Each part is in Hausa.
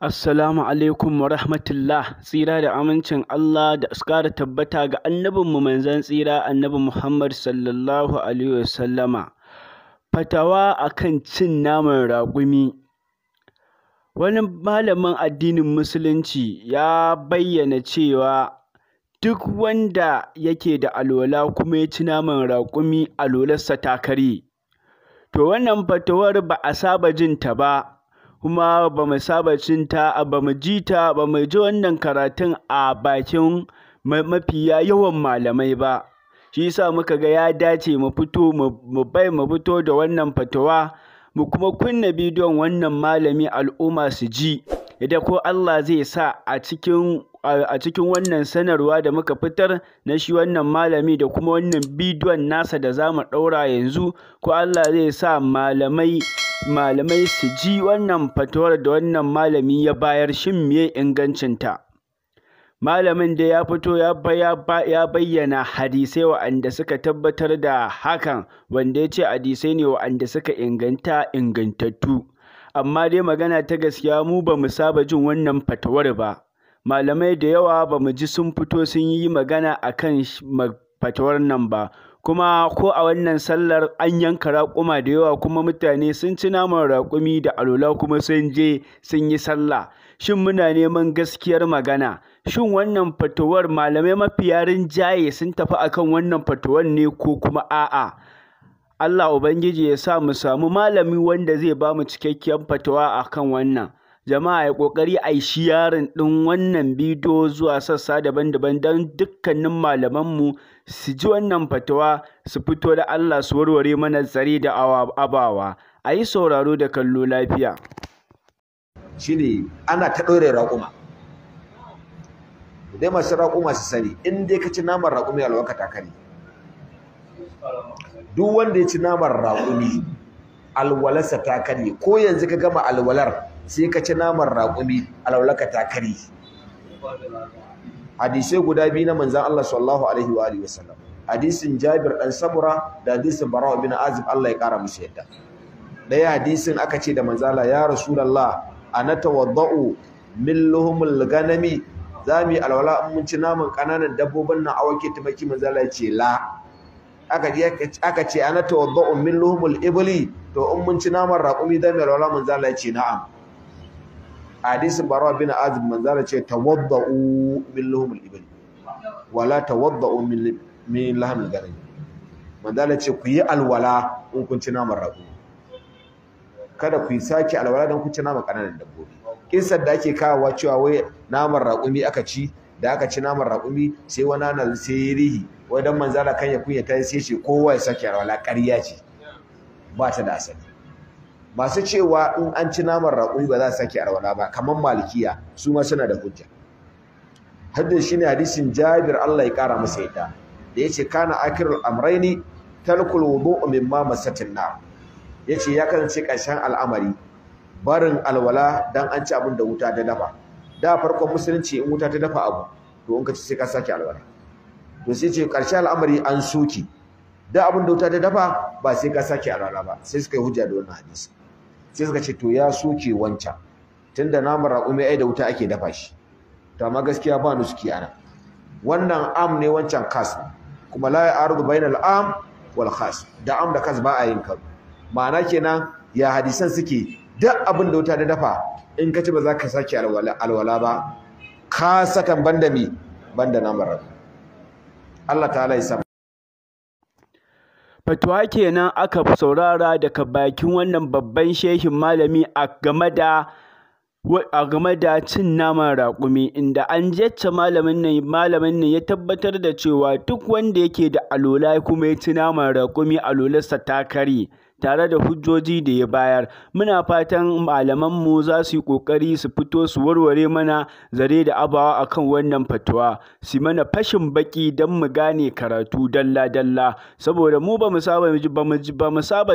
Assalamu alaikum wa rahmatullah, tsira da amincin Allah da kara tabbata ga annabin mu manzan tsira annabi Muhammad sallallahu Alaihi wasallama. Fatawa a kan cin naman raƙumi. Wani malamin addinin Musulunci ya bayyana cewa duk wanda yake da alwala kuma ya ci naman raƙumi alwalarsa ta karye. To wannan fatawar ba a saba jin ta ba. kuma ba mu saba cin ta ba mu ji ta ba mu ji wannan karatun a bakin mafiya yawan malamai ba shi yasa muka ga ya dace mu fito mu bai mu fito da wannan fatawa mu kuma kunna bidiyon wannan malami al'umma su ji idan ko Allah zai sa a cikin a cikin wannan sanarwa da muka fitar na shi wannan malami da kuma wannan bidiyon nasa da za mu ɗaura yanzu ko Allah zai sa malamai malamai su ji wannan fatawar da wannan malami ya bayar shin me ingancinta malamin da ya fito ya bayyana hadisai wa'anda suka tabbatar da hakan wanda ya ce hadisai ne wa'anda suka inganta ingantattu amma dai magana ta gaskiya mu ba mu saba jin wannan fatawar ba malamai da yawa ba mu ji sun fito sun yi magana akan fatawar nan ba kuma ko a wannan sallar an yanka raƙuma da yawa kuma mutane sun ci naman raƙumi da alola kuma sun je sun yi sallah shin muna neman gaskiyar magana shin wannan fatuwar malamai mafiya rinjaye sun tafi akan wannan fatuwar ne ko kuma a'a Allah Ubangiji ya sa mu samu malami wanda zai ba mu cikakkiyar fatawa akan wannan Jama'a ya ƙoƙari a yi sharing ɗin wannan bidiyo zuwa sassa daban-daban don dukkanin malamanmu su ji wannan fatawa su fito da Allah su warware mana tsare da abawa. A yi sauraro da kallo lafiya. Shi ne ana ta ɗore raƙuma. Dai masu raƙuma su sani in dai ka ci naman raƙumi alwanka ta kare. Duk wanda ya ci naman raƙumi alwalarsa ta kare ko yanzu ka gama alwalar sai ka ci naman raƙumi alaulaka ta kare hadisai guda biyu na manzan Allah sallallahu alaihi wa alihi wasallam hadisin Jabir dan Samura da hadisin Bara'u bin Azib Allah ya kara musu yadda daya hadisin aka ce da manzala ya rasulullah anatawaddau min luhumul ganami zami alwala in mun ci naman kananan dabbobin nan awake tumaki manzala ya ce la aka ce aka ce anatawaddau min luhumul ibli to in mun ci naman raƙumi zami alwala manzala ya ce na'am hadisin barawa bin azib manzara ce tawadda'u min lahumul ibn wala tawadda'u min min lahumul garin manzara ce ku yi alwala in kun ci naman rago kada ku yi sake alwala dan kun ci naman kananan dabbobi Kinsan da ake kawowa cewa wai naman raƙumi aka ci da aka ci naman raƙumi sai wani ana sai ya rihi wai dan manzara kan ya kunya ta sai ce kowa ya sake alwala ƙarya ce ba ta da asali masu cewa in an ci naman raƙumi ba za su sake arwana ba kamar malikiya su ma suna da hujja haddin shine hadisin Jabir Allah ya kara masa yadda da yace kana akirul amraini talkul wudu'u ma masatin nar yace ya kasance ƙarshen al'amari barin alwala dan an ci abin da wuta ta dafa da farkon musulunci in wuta ta dafa abu to in ka ci sai ka sake alwala to sai ce ƙarshen al'amari an soki da abin da wuta ta dafa ba sai ka sake alwala ba sai suka yi hujja da wannan hadisi sai suka ce to ya soke wancan tunda naman raƙumi ai da wuta ake dafa shi to amma gaskiya ba suke ana wannan am ne wancan kas kuma la ardu bainal am wal khas da am da kas ba a yin karo ma'ana kenan ya hadisan suke duk abin da wuta da dafa in ka ci ba za ka sake alwala ba Ka kasatan banda mi banda naman raƙumi Allah ta'ala ya fatuwa kenan aka saurara daga bakin wannan babban shehin malami a game da a game da cin naman raƙumi inda an jecce malamin nan malamin nan ya tabbatar da cewa duk wanda yake da alola kuma ya ci naman raƙumi alolarsa ta karye tare da hujjoji da ya bayar. Muna fatan malamanmu za su yi ƙoƙari su fito su warware mana zare da abawa akan wannan fatuwa, su mana fashin baƙi don mu gane karatu dalla-dalla, saboda mu ba mu saba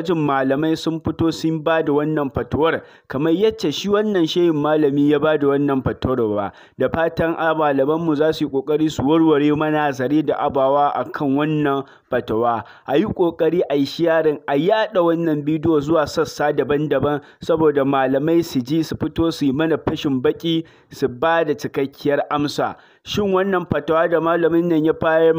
jin malamai sun fito sun ba da wannan fatuwar kamar yacce shi wannan shehin malami ya ba da wannan fatuwar ba. Da fatan malamanmu za su yi ƙoƙari su warware mana zare da abawa akan wannan fatuwa. A yi ƙoƙari a yi shiyarin a yaɗa wannan bidiyo zuwa sassa daban-daban saboda malamai su ji su fito su yi mana fashin baki su ba da cikakkiyar amsa shin wannan fatawa da malamin nan ya bayar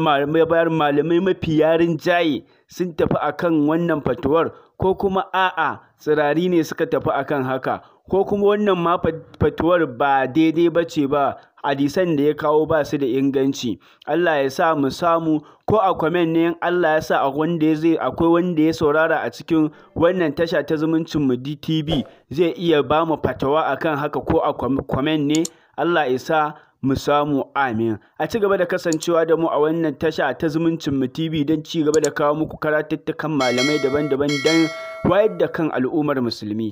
malamai mafi yarin jaye sun tafi akan wannan fatawar ko kuma a'a tsirari ne suka tafi akan haka ko kuma wannan ma fatuwar ba daidai ba ce ba hadisan da ya kawo ba su da inganci Allah ya sa mu samu ko a kwamen ne Allah ya sa wanda akwai wanda ya saurara a cikin wannan tasha ta zumuncin mu DTV zai iya ba mu fatawa akan haka ko a kwamen ne Allah ya sa mu samu amin a ci gaba da kasancewa da mu a wannan tasha ta zumuncin mu TV don ci gaba da kawo muku karatuttukan malamai daban-daban don wayar da kan al'ummar musulmi